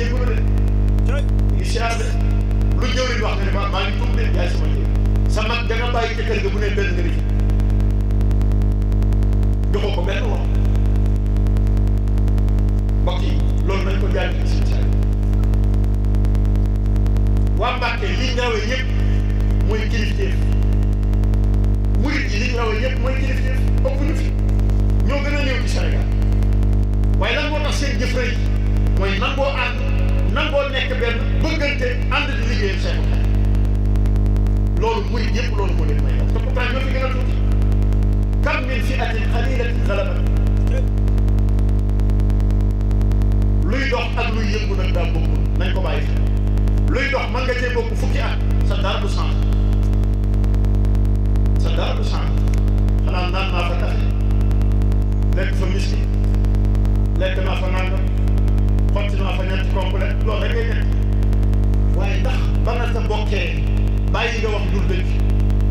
jéego de mi lu jëwriñ wax nga ne maa ngi tuub de yaay sama jéeg sa mag da nga bàyyi ca kër ga bu ne benn nga def joxoo ko benn wax mbokk yi loolu nañ ko jàng ci suñu saa waa Mbàkke liñ rawee yëpp mooy kilifteef murit yi liñ rawee yëpp mooy kilifteef ëpp gën a néew ci Sénégal waaye lan moo tax seen jëf mooy nan boo ànd loolu muy yëpp loolu moo leen may te pourtant ñoo fi gën a kam min fi atin xalilatin luy dox ak luy yëngu nag daa bokk nañ ko bàyyi xel luy dox mën nga fukki at sa dara du changé sa naan naa fa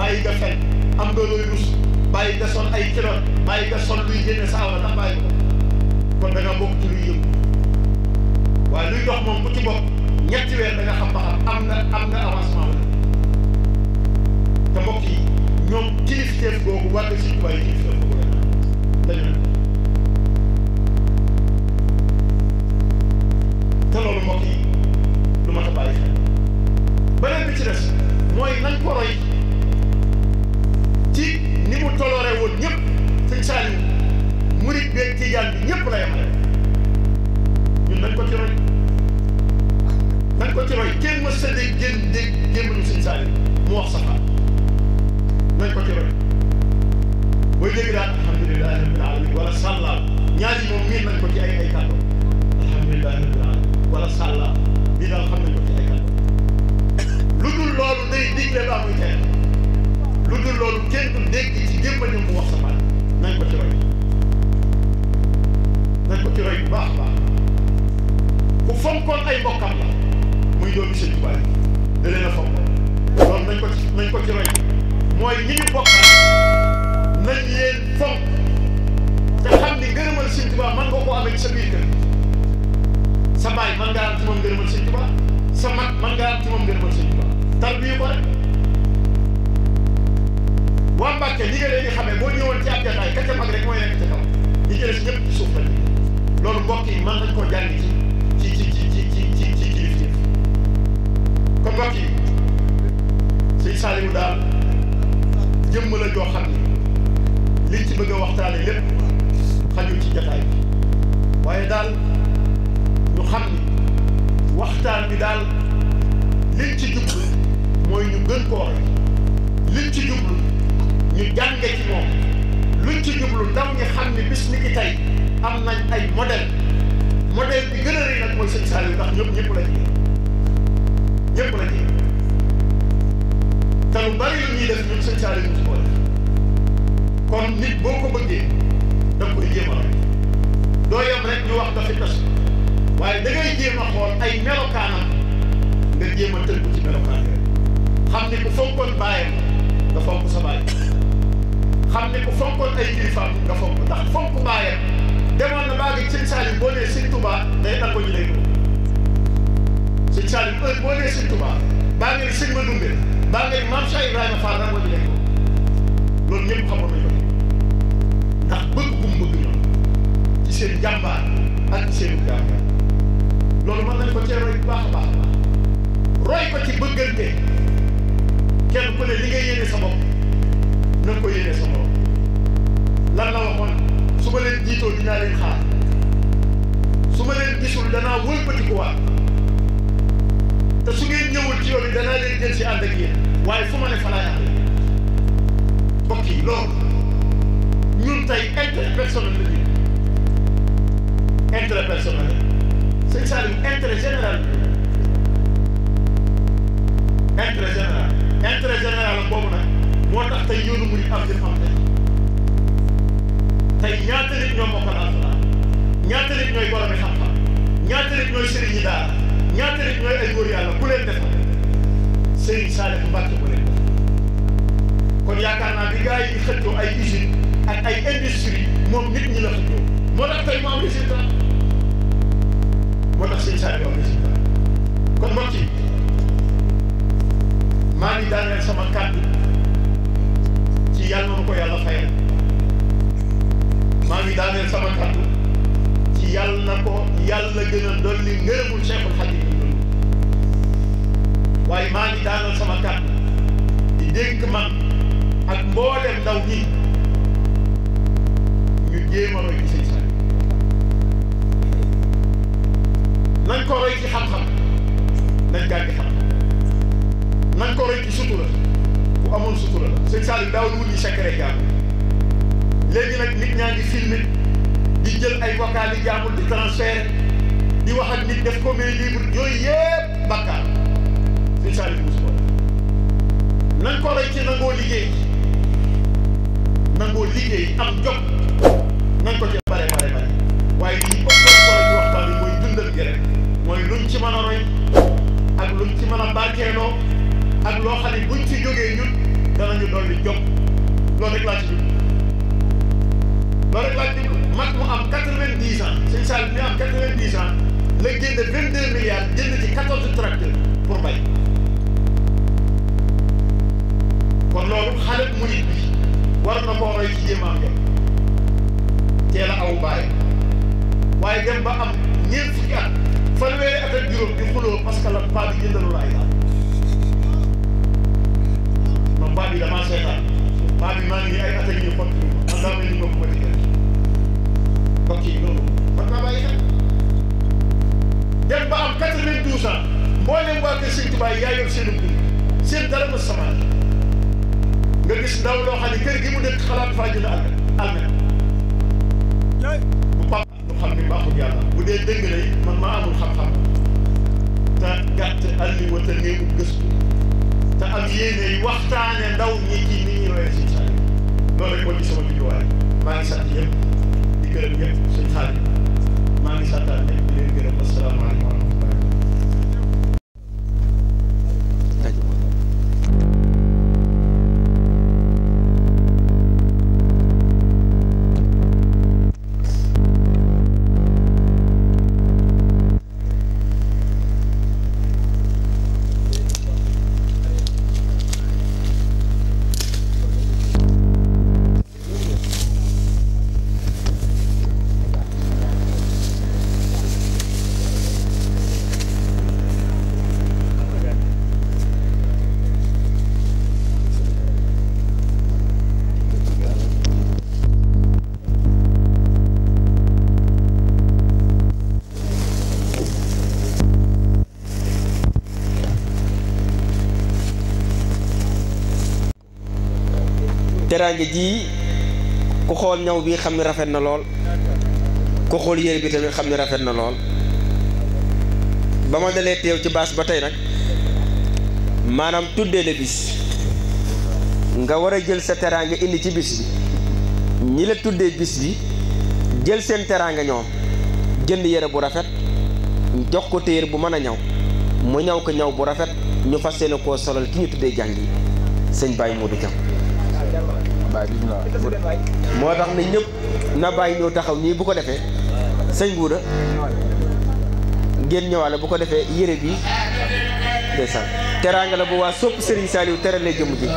bàyyi nga fen am nga looy rus bàyyi nga sol ay kilot bàyyi nga sol luy génne sa awra ndax bàyyi ko kon da nga bokk ci luy yëngu waaye luy dox moom bu ci bopp ñetti weer da nga xam am na am na avancement wala te mbokk yi ñoom kilifteef googu war na si tubaab yi kilifteef ba léegi daal alhamdulilah rabbil alamin wala sàllaaw ñaar yi moom miin nañ ko ci ay ay kàddu alhamdulilah rabbil alamin wala sàllaaw lii daal xam nañ ko ci ay kàddu lu dul loolu day digle ba muy teel lu dul loolu kenn du dégg ci gémmañu mu wax sa baat nañ ko ci roy nañ ko ci roy bu baax a baax ku fonkoon ay mbokkam la muy doomi sëñ Tuubaa da leen a fonk loolu nañ ko ci nañ ko ci roy mooy ñi ñu bokkal nañ leen fonk te ni gërëmal Sëñ Tuubaa man nga ko amee sa biir kër sa baay man ngaa am ci moom gërëmal sa mag man ngaa am ci moom gërëmal Sëñ Tuubaa ko rek waa Mbàkke li nga leen di xamee boo ñëwoon ci ab jataay ka ca rek mooy nekk ca kaw ñi si ñëpp ci suuf la loolu mbokk yi mën nañ koo jàng ci ci ci ci ci ci ci kilifteef kon mbokk yi sëñ Saliou daal jëmm la joo xam liñ ci bëgg a waxtaanee lépp xajul ci jataay bi waaye daal ñu xam ni waxtaan bi daal liñ ci jublu mooy ñu gën ko wax liñ ci jublu ñu jànge ci moom luñ ci jublu ndaw ñi xam ni bis ni ki tey am nañ ay modèle modèle bi gën a rëy nag mooy sëñ Saliou ndax ñëpp ñëpp la ci ñëpp la ci te lu bari lu ñuy def ñun sëñ Saliou ñu ci boole kon nit boo ko bëggee da nga koy jéem a rek doo rek ñu wax dafa tas waaye da ngay jéem xool ay melokaanam nga jéem a tënku ci melokaan yooyu xam ne ku fonkoon bàyyam nga fonk sa bàyyi xam ne ku fonkoon ay kilifaam nga fonk ndax baa ngi sëñ Saaliw boo nee day dàq ñu lay ko sëñ Saaliw boo nee sëñ Tuubaa baa ngi sëñ ma dunde baa ngi maam Cheikh Ibrahima Fall dàq ñu lay ko loolu ñëpp xam loolu mën nañ ko cee roy bu baax a baax roy ko ci bëggante kenn ku ne li ngay yéene sa bopp na ko yéene sa bopp lan la waxoon su ma leen oo dinaa leen xaar su ma leen gisul danaa wëlbatikuwaat te su ngeen ñëwul ci yoon yi danaa leen jël si ànd ak yéen waaye fu ma ne fa laay ànd ak yéen mbokk yi loolu ñun tey la ñu intérêt personnel sexually intrageneral intrageneral intrageneral boobu nag moo tax tey yoonu muy am di am tey tey ñaata nit ñoo mokkal alxuraan ñaata nit ñooy borom xam-xam ñaata nit ñooy sëriñ yi daara ñaata nit ñooy ay góor yàlla ku leen defal sëriñ Saliou Mbacke ku leen defal kon yaakaar naa bi gars yi di xëccoo ay usine ak ay industrie moom nit ñi la xëccoo moo tax tey mu am résultat moo tax sëñ Sadio wax na si kon mbokk sama kàddu ci yàlla na ko yàlla fayal maa ngi daaneel sama kàddu ci na ko yàlla gën waaye maa ngi daaneel sama kàddu di dénk man ak mboolem ndaw ñi ñu jéem a roy ci sëñ Sadio nañ ko roy ci xam-xam nañ gàddi xam-xam nañ ko roy ci sutura bu amoon sutura la sëñ Saliou daawul wut ñi secret jaamu léegi nag nit ñaa ngi filmé di jël ay vocal yi jaamul di transfert di wax ak nit def ko mais libre yooyu yëpp bakkaar sëñ Saliou mos ko nañ ko roy ci nangoo liggéey nangoo liggéey am jot nañ ko ak loo xam ne buñ ci jógee ñun danañu dolli jom loolu rek laa ci jublu loolu rek laa ci jublu mag mu am quatre-vingt-dix ans sëñ Sall mi am quatre-vingt-dix la génne vingt-deux milliards jënd ci quatorze tracteurs pour mbay kon loolu xale mu nit bi war na koo roy ci jéem am jom aw baay waaye dem ba am ñeent fukki at fanweeri at ak juróom di xuloo parce la paa bi jëndalu la ay paa bi damaa seetaan paa bi maa ngi nii ay at a ngi nii xott man daa mel ni bopp ma ci kenn mbokk yi loolu kon maa bàyyi xel dem ba am quatre-vingt-douze ans mboolem waa kër Sëñ Tuubaa yaa yor seen dund seen dara ma sama nga gis ndaw loo xam ne kër gi mu dëkk xalaat faa jënd àll àll bu paa lu xam ne baaxul yàlla bu dee dëgg lay man maa amul xam-xam te gàtt àll yi wala néewu gëstu. te am yéene waxtaane ndaw ñi ci li ñuy royee suñu xarit loolu rek moo ci sama jubluwaay maa ngi sant yëpp di gërëm yëpp suñu xarit maa ngi santaat ñëpp di leen gërëm teraange ji ku xool ñaw bi xam ne rafet na lool ku xool yére bi tamit xam ne rafet na lool ba ma dalee teew ci baas ba tey nag maanaam tuddee la bis nga war a jël sa teraanga indi ci bis bi ñi la tuddee bis bi jël seen teraanga ñoom jënd yére bu rafet jox ko téer bu mën a ñaw mu ñaw ko ñaw bu rafet ñu fas yéene koo solal ki ñu tuddee jàng yi sëñ Baye Modou Thiam moo tax na ñépp na bàyyi ñëw taxaw nii bu ko defee sëñ Gouda gen ñëwaale bu ko defee yére bi ndeysaan teraanga la bu waa sopp Serigne Saliou terale jëmm ji bi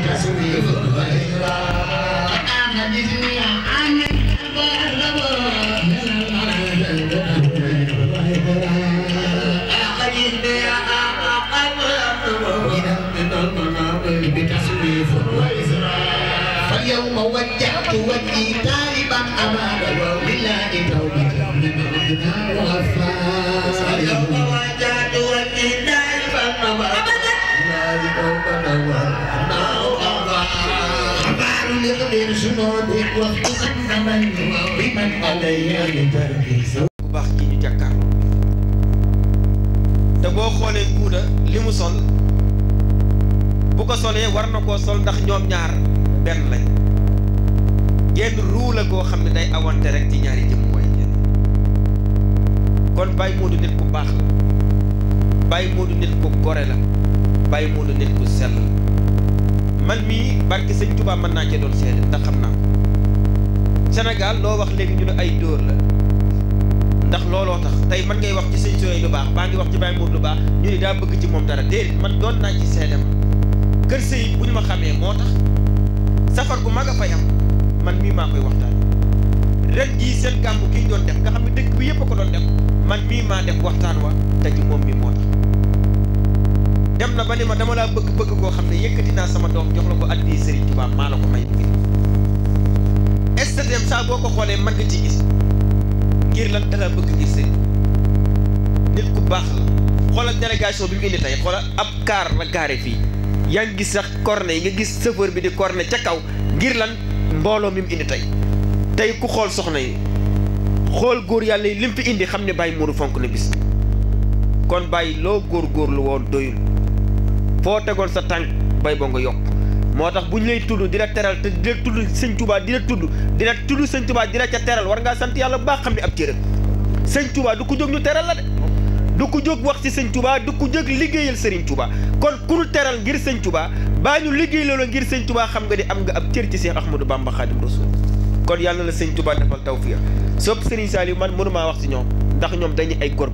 Estados Unidos. الجنود bu baax gi ñu jàkkaar te boo xoolee guuda limu sol bu ko solee war na koo sol ndax ñoom ñaar benn lañ genn ruu la koo xam ne day awante rek ci ñaari jëm mooy genn kon Baye Modou nit baax la Baye Modou nit gore la Baye Modou nit ku la man mii barke sëñ Touba mën naa cee doon seede ndax xam naa Sénégal loo wax léegi ñu ne ay dóor la ndax looloo tax tey man ngay wax ci sëñ sooy lu baax baa ngi wax ci Baye Mour lu baax ñu ne daa bëgg ci moom dara déedéet man doon naa ci seede ma kër sëy bu ñu ma xamee moo tax safar gu mag a fay am man mii maa koy waxtaan ren jii seen gàmmu kii doon def nga xam ne dëkk bi yëpp a ko doon def man mii maa def waxtaan wa te ci moom mi moo dem na ba ni ma dama laa bëgg bëgg koo xam ne yëkkati naa sama doom jox la ko addi Serigne Touba maa la ko may SDM saa boo ko xoolee mën nga ci gis ngir lan dalaa bëgg ngir Serigne nit ku baax la xoolal délégation bi mu indi tey xoolal ab kaar la gaare fii yaa ngi gis sax corne yi nga gis chauffeur bi di korne ca kaw ngir lan mbooloo mi mu indi tey tey ku xool soxna yi xool góor yàlla yi lim indi xam ne bàyyi muuru fonk na bis kon bàyyi loo góor góorlu woon doyul foo tegoon sa tànk bay boo nga yokk moo tax bu ñu lay tudd dina teral te di la tudd sëñ tubaa di la tudd di la tudd sëñ Touba di ca teral war ngaa sant yàlla bu baax xam ne ab cërëm sëñ Touba du ko jóg ñu teral la de du ko jóg wax ci sëñ tubaa du ko jóg liggéeyal sëriñ Touba kon ku ñu teral ngir sëñ tubaa baa ñu liggéey loolu ngir sëñ tubaa xam nga di am nga ab cër ci Cheikh Ahmadou Bamba Khadim Rasoul kon yàlla la sëñ Touba defal tawfiq sopp sëriñ Saliou man mënumaa wax ci ñoom ndax ñoom dañuy ay gor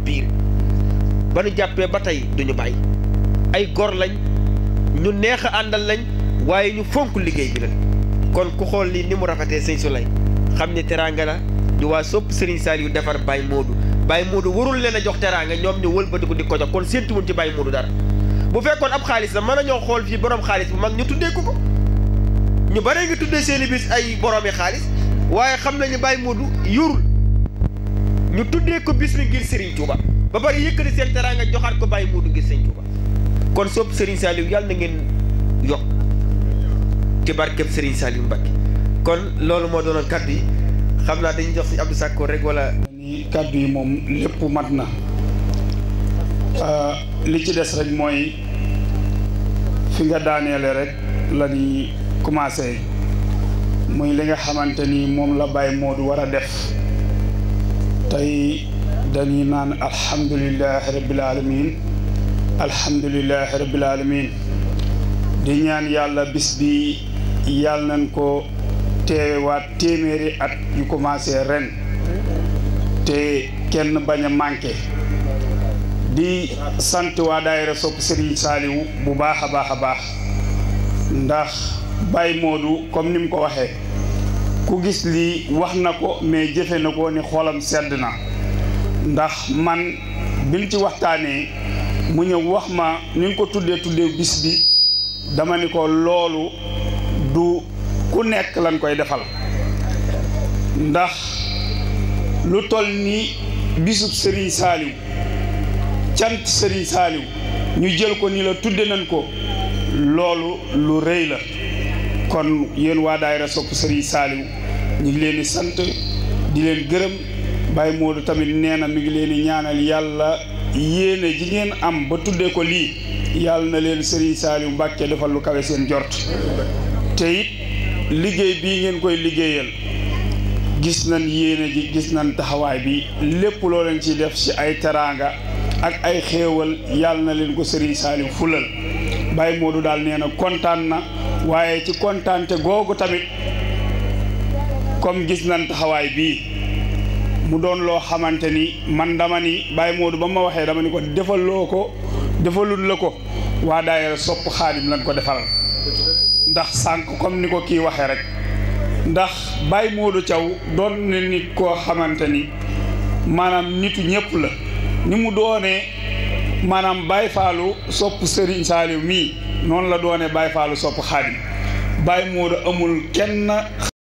ba ñu jàppee ba tey duñu bàyyi ay gor lañ ñu neex a àndal lañ waaye ñu fonk liggéey bi la kon ku xool lii ni mu rafetee sëñ Souley xam ni teraanga la ñu waa sopp Serigne Saliou defar Baye Modou Baye Modou warul leen a jox teraanga ñoom ñu wëlbatiku di ko jox kon séentuwuñ ci Baye Modou dara bu fekkoon ab xaalis la mën a ñoo xool fii borom xaalis bu mag ñu tuddee ko ko ñu bare ngi tuddee seen i ay boromi xaalis waaye xam nañu Baye Modou yorul ñu tuddee ko bis la ngir Serigne Touba ba bari yëkkati seen teraanga joxaat ko Baye Modou ngir Serigne Touba. kon sopp Serigne Saliou yalla ngeen yok ci barke Serigne Saliou kon lolu mo doonoon kaddu xamna xam jox ci Abdou Sakko rek wala. kaddu yi moom lépp mat na li ci dess rek moy fi nga daaneele rek la commencé moy li nga xamanteni mom la bay Modou wara def tay dañuy nan alhamdullilah rabbil alamin alhamdulilah rabbil alamin di ñaan yàlla bis bi yàlla nañ ko teewaat téeméeri at yu commencé ren te kenn bañ a manqué di sant waa daayira sopp Serigne Saliou bu baax a baax a baax ndax Baye Modou comme ni mu ko waxee ku gis lii wax na ko mais jëfe na ko ni xolam sedd na ndax man biñ ci waxtaanee mu ñëw wax ma ni nga ko tuddee tuddee bis bi dama ni ko loolu du ku nekk lañ koy defal ndax lu toll ni bisub Serigne Saliou cant Serigne Saliou ñu jël ko nii la tudde nañ ko loolu lu rëy la kon yéen waa daayira sopp Serigne Saliou ñu ngi leen di sant di leen gërëm Baye Modou tamit nee na mi ngi leen di ñaanal yàlla yéene ji ngeen am ba tuddee ko lii yàlla na leen Serigne Saliou Mbacke defal lu kawe seen jot te it liggéey bii ngeen koy liggéeyal gis na yéene ji gis na taxawaay bi lépp loo leen ci def ci ay teraanga ak ay xéewal yàlla na leen ko Serigne Saliou fulal Baye Modou daal nee na kontaan na waaye ci kontaante googu tamit comme gis nañ taxawaay bii mu doon loo xamante ni man dama ni Baye Modou ba ma waxee dama ni ko defaloo ko defalul la ko waa daayira sopp xaadim lañ ko defal ndax sànq comme ni ko kii waxee rek ndax Baye Modou Thiaw doon na nit koo xamante ni maanaam nitu ñëpp la ni mu doonee maanaam Baye Fallou sopp Serigne Saliou mii noonu la doonee Baye Fallou sopp xaadim Baye Modou amul kenn